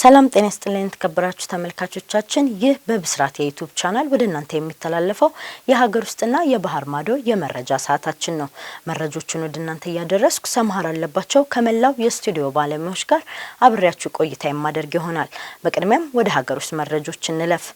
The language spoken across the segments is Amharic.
ሰላም ጤና ስጥልኝ የተከበራችሁ ተመልካቾቻችን፣ ይህ በብስራት የዩቲዩብ ቻናል ወደ እናንተ የሚተላለፈው የሀገር ውስጥና የባህር ማዶ የመረጃ ሰዓታችን ነው። መረጆቹን ወደ እናንተ እያደረስኩ ሰምሀር አለባቸው ከመላው የስቱዲዮ ባለሙያዎች ጋር አብሬያችሁ ቆይታ የማደርግ ይሆናል። በቅድሚያም ወደ ሀገር ውስጥ መረጆች እንለፍ።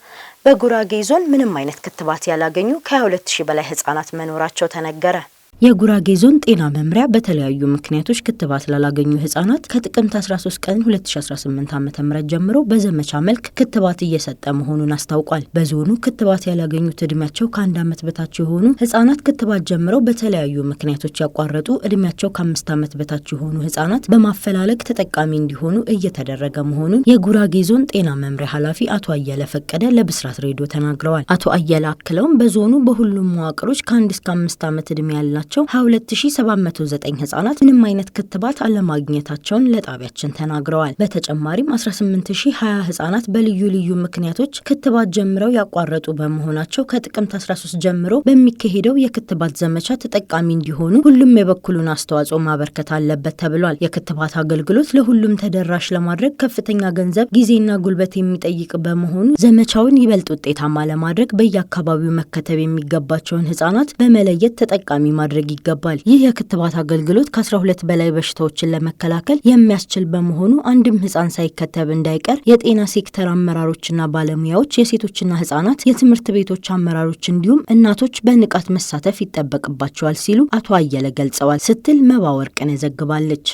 በጉራጌ ዞን ምንም አይነት ክትባት ያላገኙ ከ 2000 በላይ ህጻናት መኖራቸው ተነገረ። የጉራጌ ዞን ጤና መምሪያ በተለያዩ ምክንያቶች ክትባት ላላገኙ ህጻናት ከጥቅምት 13 ቀን 2018 ዓ ም ጀምሮ በዘመቻ መልክ ክትባት እየሰጠ መሆኑን አስታውቋል። በዞኑ ክትባት ያላገኙት እድሜያቸው ከአንድ ዓመት በታች የሆኑ ህጻናት ክትባት ጀምረው በተለያዩ ምክንያቶች ያቋረጡ እድሜያቸው ከአምስት ዓመት በታች የሆኑ ህጻናት በማፈላለግ ተጠቃሚ እንዲሆኑ እየተደረገ መሆኑን የጉራጌ ዞን ጤና መምሪያ ኃላፊ አቶ አየለ ፈቀደ ለብስራት ሬዲዮ ተናግረዋል። አቶ አየለ አክለውም በዞኑ በሁሉም መዋቅሮች ከአንድ እስከ አምስት ዓመት እድሜ ያላቸው ያላቸው 22709 ህጻናት ምንም አይነት ክትባት አለማግኘታቸውን ለጣቢያችን ተናግረዋል። በተጨማሪም 18020 ህጻናት በልዩ ልዩ ምክንያቶች ክትባት ጀምረው ያቋረጡ በመሆናቸው ከጥቅምት 13 ጀምሮ በሚካሄደው የክትባት ዘመቻ ተጠቃሚ እንዲሆኑ ሁሉም የበኩሉን አስተዋጽኦ ማበርከት አለበት ተብሏል። የክትባት አገልግሎት ለሁሉም ተደራሽ ለማድረግ ከፍተኛ ገንዘብ፣ ጊዜና ጉልበት የሚጠይቅ በመሆኑ ዘመቻውን ይበልጥ ውጤታማ ለማድረግ በየአካባቢው መከተብ የሚገባቸውን ህጻናት በመለየት ተጠቃሚ ማድረግ ሊደረግ ይገባል። ይህ የክትባት አገልግሎት ከ12 በላይ በሽታዎችን ለመከላከል የሚያስችል በመሆኑ አንድም ህጻን ሳይከተብ እንዳይቀር የጤና ሴክተር አመራሮችና ባለሙያዎች፣ የሴቶችና ህጻናት የትምህርት ቤቶች አመራሮች እንዲሁም እናቶች በንቃት መሳተፍ ይጠበቅባቸዋል ሲሉ አቶ አየለ ገልጸዋል ስትል መባወርቅን ወርቅን ዘግባለች።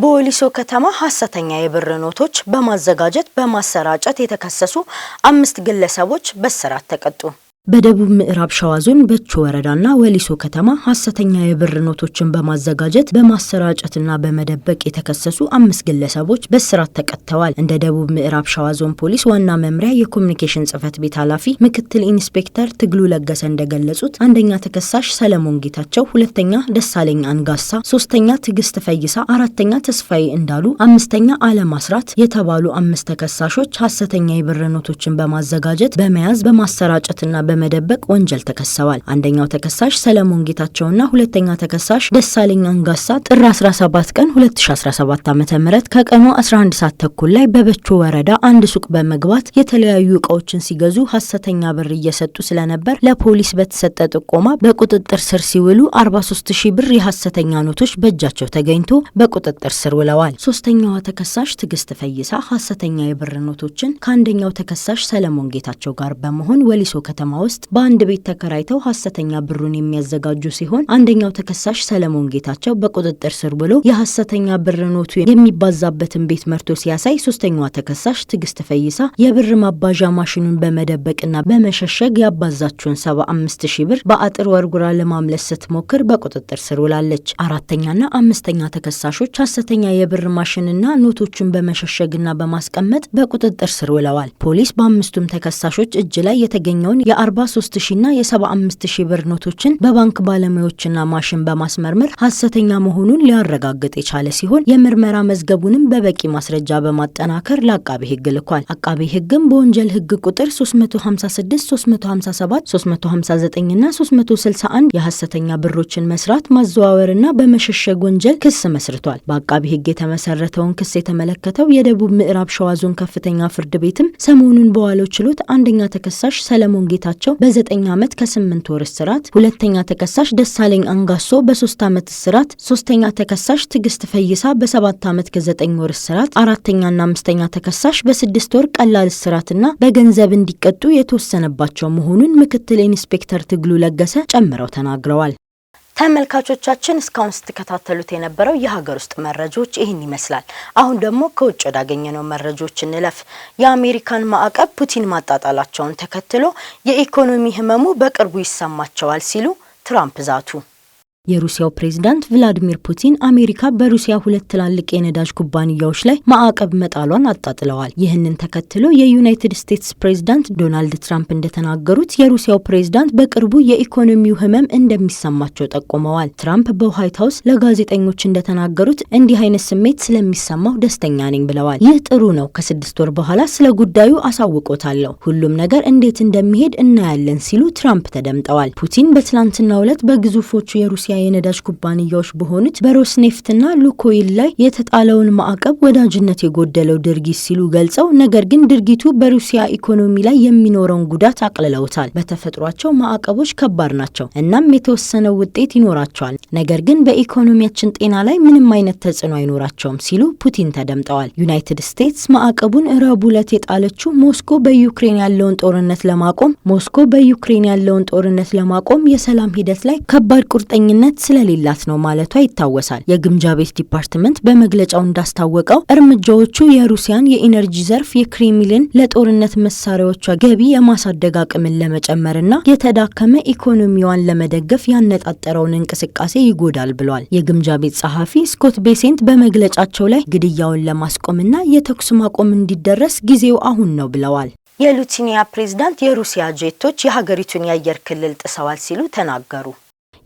በወሊሶ ከተማ ሀሰተኛ የብር ኖቶች በማዘጋጀት በማሰራጨት የተከሰሱ አምስት ግለሰቦች በእስራት ተቀጡ። በደቡብ ምዕራብ ሸዋ ዞን በቾ ወረዳና ወሊሶ ከተማ ሐሰተኛ የብር ኖቶችን በማዘጋጀት በማሰራጨትና በመደበቅ የተከሰሱ አምስት ግለሰቦች በእስራት ተቀጥተዋል። እንደ ደቡብ ምዕራብ ሸዋ ዞን ፖሊስ ዋና መምሪያ የኮሚኒኬሽን ጽህፈት ቤት ኃላፊ ምክትል ኢንስፔክተር ትግሉ ለገሰ እንደገለጹት አንደኛ ተከሳሽ ሰለሞን ጌታቸው፣ ሁለተኛ ደሳለኝ አንጋሳ፣ ሶስተኛ ትዕግስት ፈይሳ፣ አራተኛ ተስፋዬ እንዳሉ፣ አምስተኛ አለም አስራት የተባሉ አምስት ተከሳሾች ሐሰተኛ የብር ኖቶችን በማዘጋጀት በመያዝ በማሰራጨትና በመደበቅ ወንጀል ተከሰዋል። አንደኛው ተከሳሽ ሰለሞን ጌታቸውና ሁለተኛ ተከሳሽ ደሳለኝ አንጋሳ ጥር 17 ቀን 2017 ዓ ም ከቀኑ 11 ሰዓት ተኩል ላይ በበቾ ወረዳ አንድ ሱቅ በመግባት የተለያዩ እቃዎችን ሲገዙ ሀሰተኛ ብር እየሰጡ ስለነበር ለፖሊስ በተሰጠ ጥቆማ በቁጥጥር ስር ሲውሉ 43 ሺህ ብር የሀሰተኛ ኖቶች በእጃቸው ተገኝቶ በቁጥጥር ስር ውለዋል። ሶስተኛዋ ተከሳሽ ትዕግስት ፈይሳ ሐሰተኛ የብር ኖቶችን ከአንደኛው ተከሳሽ ሰለሞን ጌታቸው ጋር በመሆን ወሊሶ ከተማ ውስጥ በአንድ ቤት ተከራይተው ሀሰተኛ ብሩን የሚያዘጋጁ ሲሆን አንደኛው ተከሳሽ ሰለሞን ጌታቸው በቁጥጥር ስር ብሎ የሀሰተኛ ብር ኖቱ የሚባዛበትን ቤት መርቶ ሲያሳይ፣ ሶስተኛዋ ተከሳሽ ትግስት ፈይሳ የብር ማባዣ ማሽኑን በመደበቅና በመሸሸግ ያባዛችውን 75 ሺህ ብር በአጥር ወርጉራ ለማምለስ ስትሞክር በቁጥጥር ስር ውላለች። አራተኛና አምስተኛ ተከሳሾች ሀሰተኛ የብር ማሽንና ኖቶችን በመሸሸግና በማስቀመጥ በቁጥጥር ስር ውለዋል። ፖሊስ በአምስቱም ተከሳሾች እጅ ላይ የተገኘውን የ የ43 ሺና የ75 ሺ ብር ኖቶችን በባንክ ባለሙያዎችና ማሽን በማስመርመር ሀሰተኛ መሆኑን ሊያረጋግጥ የቻለ ሲሆን የምርመራ መዝገቡንም በበቂ ማስረጃ በማጠናከር ለአቃቤ ሕግ ልኳል። አቃቤ ሕግም በወንጀል ሕግ ቁጥር 356፣ 357፣ 359 ና 361 የሀሰተኛ ብሮችን መስራት ማዘዋወርና በመሸሸግ ወንጀል ክስ መስርቷል። በአቃቢ ሕግ የተመሰረተውን ክስ የተመለከተው የደቡብ ምዕራብ ሸዋ ዞን ከፍተኛ ፍርድ ቤትም ሰሞኑን በዋለው ችሎት አንደኛ ተከሳሽ ሰለሞን ጌታቸው በመሆናቸው በዘጠኝ ዓመት ከስምንት ወር እስራት፣ ሁለተኛ ተከሳሽ ደሳለኝ አንጋሶ በሶስት ዓመት እስራት፣ ሶስተኛ ተከሳሽ ትዕግስት ፈይሳ በሰባት ዓመት ከዘጠኝ ወር እስራት፣ አራተኛና አምስተኛ ተከሳሽ በስድስት ወር ቀላል እስራትና በገንዘብ እንዲቀጡ የተወሰነባቸው መሆኑን ምክትል ኢንስፔክተር ትግሉ ለገሰ ጨምረው ተናግረዋል። ተመልካቾቻችን እስካሁን ስትከታተሉት የነበረው የሀገር ውስጥ መረጃዎች ይህን ይመስላል። አሁን ደግሞ ከውጭ ወዳገኘነው መረጃዎች እንለፍ። የአሜሪካን ማዕቀብ ፑቲን ማጣጣላቸውን ተከትሎ የኢኮኖሚ ህመሙ በቅርቡ ይሰማቸዋል ሲሉ ትራምፕ ዛቱ። የሩሲያው ፕሬዝዳንት ቭላዲሚር ፑቲን አሜሪካ በሩሲያ ሁለት ትላልቅ የነዳጅ ኩባንያዎች ላይ ማዕቀብ መጣሏን አጣጥለዋል። ይህንን ተከትሎ የዩናይትድ ስቴትስ ፕሬዝዳንት ዶናልድ ትራምፕ እንደተናገሩት የሩሲያው ፕሬዝዳንት በቅርቡ የኢኮኖሚው ሕመም እንደሚሰማቸው ጠቁመዋል። ትራምፕ በዋይት ሀውስ ለጋዜጠኞች እንደተናገሩት እንዲህ አይነት ስሜት ስለሚሰማው ደስተኛ ነኝ ብለዋል። ይህ ጥሩ ነው። ከስድስት ወር በኋላ ስለ ጉዳዩ አሳውቆታለሁ። ሁሉም ነገር እንዴት እንደሚሄድ እናያለን ሲሉ ትራምፕ ተደምጠዋል። ፑቲን በትላንትናው ዕለት በግዙፎቹ የሩሲያ የሩሲያ የነዳጅ ኩባንያዎች በሆኑት በሮስኔፍትና ሉኮይል ላይ የተጣለውን ማዕቀብ ወዳጅነት የጎደለው ድርጊት ሲሉ ገልጸው፣ ነገር ግን ድርጊቱ በሩሲያ ኢኮኖሚ ላይ የሚኖረውን ጉዳት አቅልለውታል። በተፈጥሯቸው ማዕቀቦች ከባድ ናቸው፣ እናም የተወሰነው ውጤት ይኖራቸዋል። ነገር ግን በኢኮኖሚያችን ጤና ላይ ምንም አይነት ተጽዕኖ አይኖራቸውም ሲሉ ፑቲን ተደምጠዋል። ዩናይትድ ስቴትስ ማዕቀቡን ረቡዕ ዕለት የጣለችው ሞስኮ በዩክሬን ያለውን ጦርነት ለማቆም ሞስኮ በዩክሬን ያለውን ጦርነት ለማቆም የሰላም ሂደት ላይ ከባድ ቁርጠኝነት ተጠያቂነት ስለሌላት ነው ማለቷ ይታወሳል። የግምጃ ቤት ዲፓርትመንት በመግለጫው እንዳስታወቀው እርምጃዎቹ የሩሲያን የኢነርጂ ዘርፍ የክሬምሊን ለጦርነት መሳሪያዎቿ ገቢ የማሳደግ አቅምን ለመጨመርና የተዳከመ ኢኮኖሚዋን ለመደገፍ ያነጣጠረውን እንቅስቃሴ ይጎዳል ብሏል። የግምጃ ቤት ጸሐፊ ስኮት ቤሴንት በመግለጫቸው ላይ ግድያውን ለማስቆምና የተኩስ ማቆም እንዲደረስ ጊዜው አሁን ነው ብለዋል። የሉቲኒያ ፕሬዝዳንት የሩሲያ ጄቶች የሀገሪቱን የአየር ክልል ጥሰዋል ሲሉ ተናገሩ።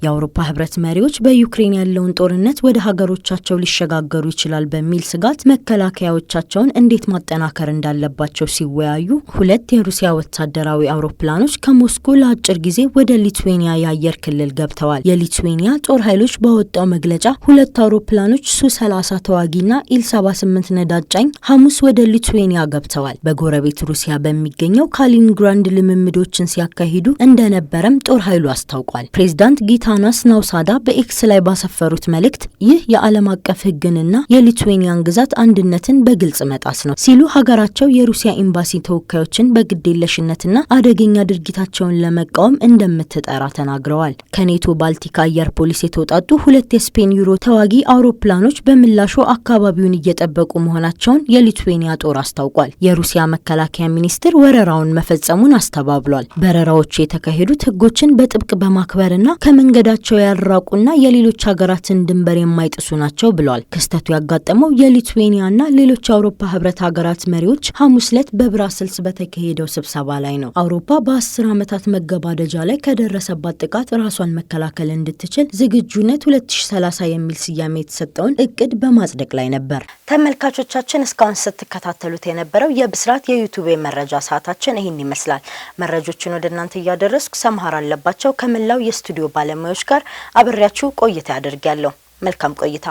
የአውሮፓ ህብረት መሪዎች በዩክሬን ያለውን ጦርነት ወደ ሀገሮቻቸው ሊሸጋገሩ ይችላል በሚል ስጋት መከላከያዎቻቸውን እንዴት ማጠናከር እንዳለባቸው ሲወያዩ ሁለት የሩሲያ ወታደራዊ አውሮፕላኖች ከሞስኮ ለአጭር ጊዜ ወደ ሊትዌኒያ የአየር ክልል ገብተዋል። የሊትዌኒያ ጦር ኃይሎች በወጣው መግለጫ ሁለት አውሮፕላኖች ሱ 30 ተዋጊና ኢል 78 ነዳጅ ጫኝ ሐሙስ ወደ ሊትዌኒያ ገብተዋል። በጎረቤት ሩሲያ በሚገኘው ካሊንግራንድ ልምምዶችን ሲያካሂዱ እንደነበረም ጦር ኃይሉ አስታውቋል። ፕሬዚዳንት ጌታ ታናስ ናውሳዳ በኤክስ ላይ ባሰፈሩት መልእክት ይህ የዓለም አቀፍ ሕግንና የሊትዌኒያን ግዛት አንድነትን በግልጽ መጣስ ነው ሲሉ ሀገራቸው የሩሲያ ኤምባሲ ተወካዮችን በግዴለሽነትና አደገኛ ድርጊታቸውን ለመቃወም እንደምትጠራ ተናግረዋል። ከኔቶ ባልቲክ አየር ፖሊስ የተውጣጡ ሁለት የስፔን ዩሮ ተዋጊ አውሮፕላኖች በምላሹ አካባቢውን እየጠበቁ መሆናቸውን የሊትዌኒያ ጦር አስታውቋል። የሩሲያ መከላከያ ሚኒስትር ወረራውን መፈጸሙን አስተባብሏል። በረራዎቹ የተካሄዱት ሕጎችን በጥብቅ በማክበርና ከመንገ መንገዳቸው ያልራቁና የሌሎች ሀገራትን ድንበር የማይጥሱ ናቸው ብለዋል። ክስተቱ ያጋጠመው የሊትዌኒያና ሌሎች የአውሮፓ ህብረት ሀገራት መሪዎች ሐሙስ ዕለት በብራስልስ በተካሄደው ስብሰባ ላይ ነው። አውሮፓ በአስር ዓመታት መገባደጃ ላይ ከደረሰባት ጥቃት ራሷን መከላከል እንድትችል ዝግጁነት 2030 የሚል ስያሜ የተሰጠውን እቅድ በማጽደቅ ላይ ነበር። ተመልካቾቻችን እስካሁን ስትከታተሉት የነበረው የብስራት የዩቱብ መረጃ ሰዓታችን ይህን ይመስላል። መረጆችን ወደ እናንተ እያደረስኩ ሰምሀር አለባቸው ከመላው የስቱዲዮ ባለሙያ ባለሙያዎች ጋር አብሬያችሁ ቆይታ ያደርጋለሁ። መልካም ቆይታ